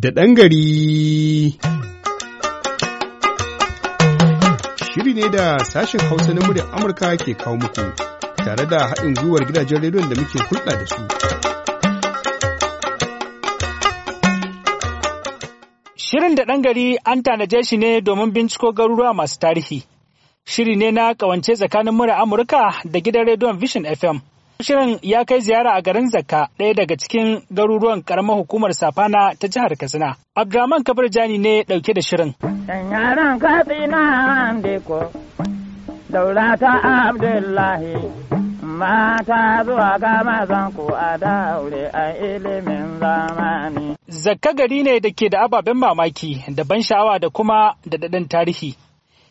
da ɗan gari. Shiri ne da sashen Hausa na muryar Amurka ke kawo muku tare da haɗin gwiwar gidajen rediyon da muke hulɗa da su. Shirin da ɗan gari an tanaje shi ne domin binciko garuruwa masu tarihi. Shiri ne na ƙawance tsakanin murar Amurka da gidan rediyon Vision FM. Shirin ya kai ziyara a garin Zakka ɗaya daga cikin garuruwan ƙaramar hukumar Safana ta jihar Katsina. Abdulrahman Kabir Jani ne ɗauke da shirin. mata zuwa a daure a ilimin zamani. Zakka gari ne da ke da ababen mamaki da ban sha'awa da kuma da daɗin tarihi.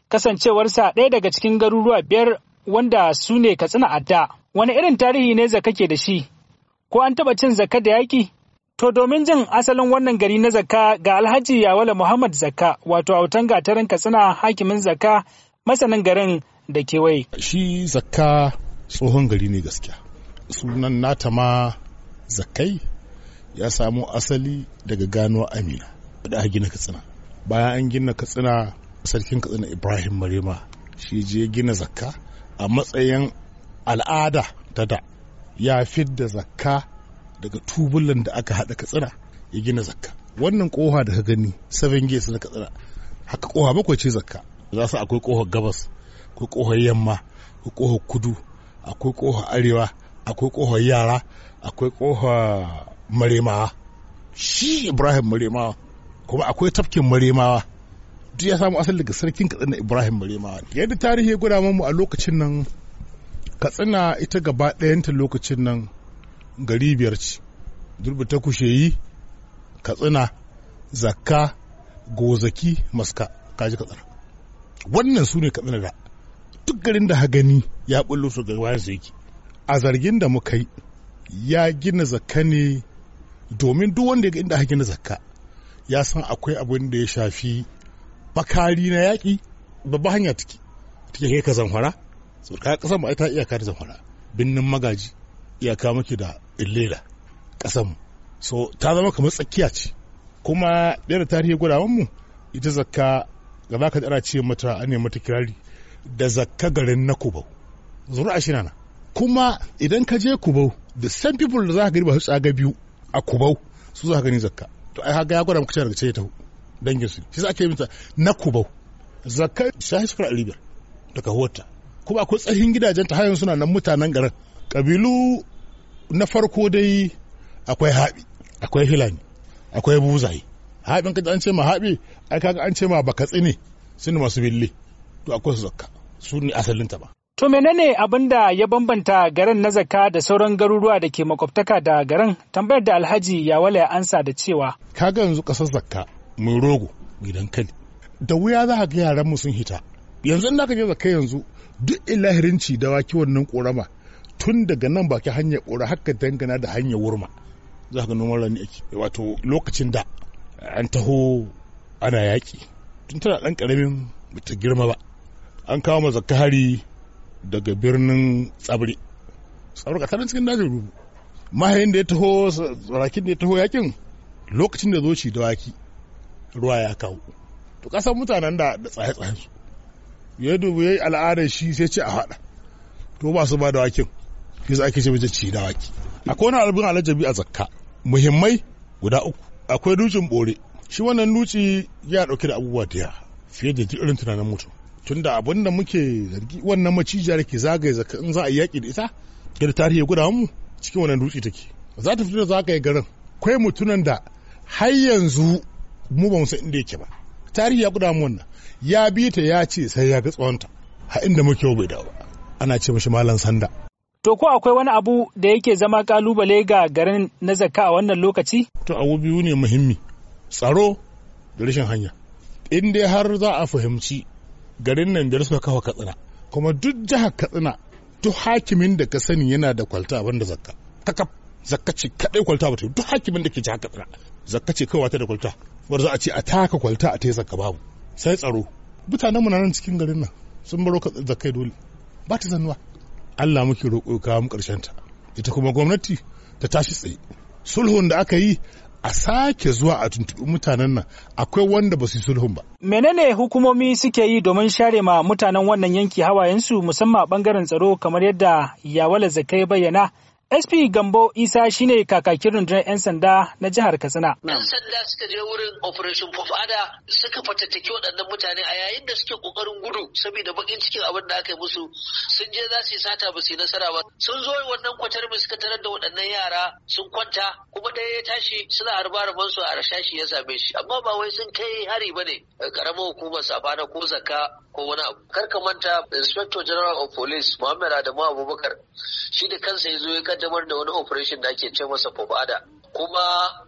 Kasancewarsa ɗaya daga cikin garuruwa biyar wanda su ne Katsina adda. wani irin tarihi ne zaka ke da shi, ko an taɓa cin Zaka da yaƙi? To domin jin asalin wannan gari na Zaka ga Alhaji Yawala Muhammad Zakka wato autan gatarin Katsina hakimin Zaka masanin garin da kewaye. Shi zakka tsohon gari ne gaskiya. Sunan nata ma zakkai ya samo asali daga gano Amina da a gina Katsina. Bayan an gina Katsina sarkin Katsina Ibrahim Marema shi je gina zakka a matsayin al'ada ta da ya da zakka daga tubulan da aka haɗa katsina ya gina zakka wannan koha da ka gani seven gates na katsina haka koha bakwai ce zakka za su akwai ƙohar gabas akwai ƙohar yamma akwai ƙohar kudu akwai ƙohar arewa akwai ƙohar yara akwai ƙohar maremawa shi ibrahim maremawa kuma akwai tafkin maremawa duk ya samu asali daga sarkin katsina ibrahim maremawa yadda tarihi ya gwada mu a lokacin nan katsina ita gaba ɗayanta lokacin nan gari biyar ce durbi ta kushe yi katsina zakka gozaki maska kaji katsina wannan su ne katsina da duk garin da hagani ya bullo su ga wayan yake a zargin da muka yi ya gina zakka ne domin duk wanda ya inda ha gina zakka ya san akwai abin da ya shafi bakari na yaƙi babba hanya take take kai ka zamfara saboda kasar mu ta iyaka da zamfara binnin magaji iyaka muke da illela kasan mu so ta zama kamar tsakiya ce kuma ɗaya da tarihi gudawan mu ita zakka ga za ka ana ce mata an mata kirari da zakka garin na kubau zuru a nana kuma idan ka je kubau the same people da za ka gani ba su tsaga biyu a kubau su za ka gani zakka to ai haka ya gwada muku cewa daga ce ta dangin su shi za ka yi mata na kubau zakka shahi sufar alibiyar daga huwarta kuma akwai tsahin gidajen ta hayan suna nan mutanen garin kabilu na farko dai akwai haɓi akwai hilani akwai buzaye haɓin kaji an ce ma haɓi ai kaga an ce ma bakatsi ne sun masu bille to akwai su zakka su ne asalin ta ba To menene abin da ya bambanta garin na zakka da sauran garuruwa da ke makwabtaka da garin tambayar da alhaji ya wale ansa da cewa. Kaga yanzu kasar zakka mai rogo gidan kani. Da wuya za ka ga yaran mu sun hita. Yanzu in ka je zakka yanzu duk ilahirinci da waki wannan korama tun daga nan baki hanyar kora haka dangana da hanyar wurma za ka noman rani ake wato lokacin da an taho ana yaƙi tun tana ɗan ƙaramin bata girma ba an kawo ma zakari daga birnin tsabri tsabri ka tarin cikin dajin rubu mahayin da ya taho tsarakin da ya taho yakin lokacin da zo shi da waki ruwa ya kawo to kasan mutanen da da tsaye-tsayen su ya dubu ya yi al'adar shi sai ce a haɗa to ba su ba da wakin yasa ake ce mace ci da waki akwai wani albin alajabi a zakka muhimmai guda uku akwai dutsen bore shi wannan dutse ya ɗauke da abubuwa da fiye da irin tunanin mutum tunda abin da muke zargi wannan macijiyar da ke zagaye zakka in za a yaƙi da ita da tarihi ya guda mu cikin wannan dutse take za ta fito da zagaye garin Akwai mutunan da har yanzu mu ba mu san inda yake ba tarihi ya guda mun nan ya bi ta ya ce sai ya ga tsawonta ha inda muke bai dawo ana ce mishi malam sanda to ko akwai wani abu da yake zama kalubale ga garin na zakka a wannan lokaci to abu biyu ne muhimmi tsaro da rashin hanya in dai har za a fahimci garin nan da suka kawo katsina kuma duk jihar katsina duk hakimin da ka sani yana da kwalta abin da zakka kakaf zakka ce kadai kwalta ba ta duk hakimin da ke jihar katsina zakka ce kawai ta da kwalta bar za a ce a taka kwalta a tesa ka babu sai tsaro mutanen mu nan cikin garin nan sun baro ka zakai dole ba ta zannuwa Allah muke roƙo ka mu karshen ta ita kuma gwamnati ta tashi tsaye sulhun da aka yi a sake zuwa a tuntuɓi mutanen nan akwai wanda ba su sulhun ba. Menene hukumomi suke yi domin share ma mutanen wannan yanki hawayensu musamman a ɓangaren tsaro kamar yadda Yawala Zakai bayyana SP Gambo Isa shine kakakin rundunar 'yan sanda na jihar Katsina. 'Yan sanda suka je wurin Operation Fofada suka fatattaki waɗannan mutane a yayin da suke ƙoƙarin gudu saboda bakin cikin abin da aka yi musu sun je za su yi sata ba su nasara ba. Sun zo wannan kwatar mu suka tarar da waɗannan yara sun kwanta kuma da ya tashi suna harba su a rashashi ya same shi amma ba wai sun kai hari ba ne karamar hukumar safana ko zakka ko wani abu kar ka manta inspector general of police muhammad adamu abubakar shi da kansa ya zo ya kaddamar da wani operation da ake ce masa fofada kuma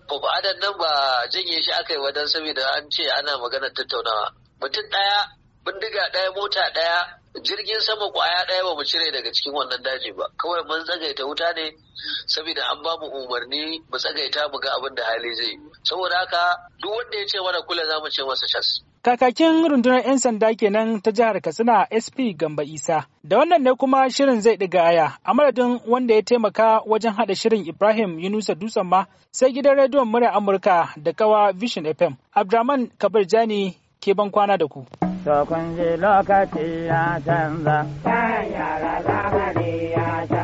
fofadan nan ba janye shi aka yi wadan saboda an ce ana magana tattaunawa mutum ɗaya bindiga ɗaya mota ɗaya jirgin sama kwaya ɗaya ba mu cire daga cikin wannan daji ba kawai mun tsagaita wuta ne saboda an ba mu umarni mu tsagaita mu ga abin da hali zai yi. saboda haka duk wanda ya ce mana kula za mu ce masa cas Kakakin rundunar 'yan sanda kenan ta jihar Katsina SP Gamba Isa. Da wannan ne kuma shirin zai ɗiga aya, a madadin wanda ya taimaka wajen haɗa shirin Ibrahim Yunusa Dutsen ma sai gidan rediyon murya Amurka da kawa Vision FM. Abdraman Kabir Jani ke ban kwana da ku. Sokun lokaci ya canza, kan yara zamani ya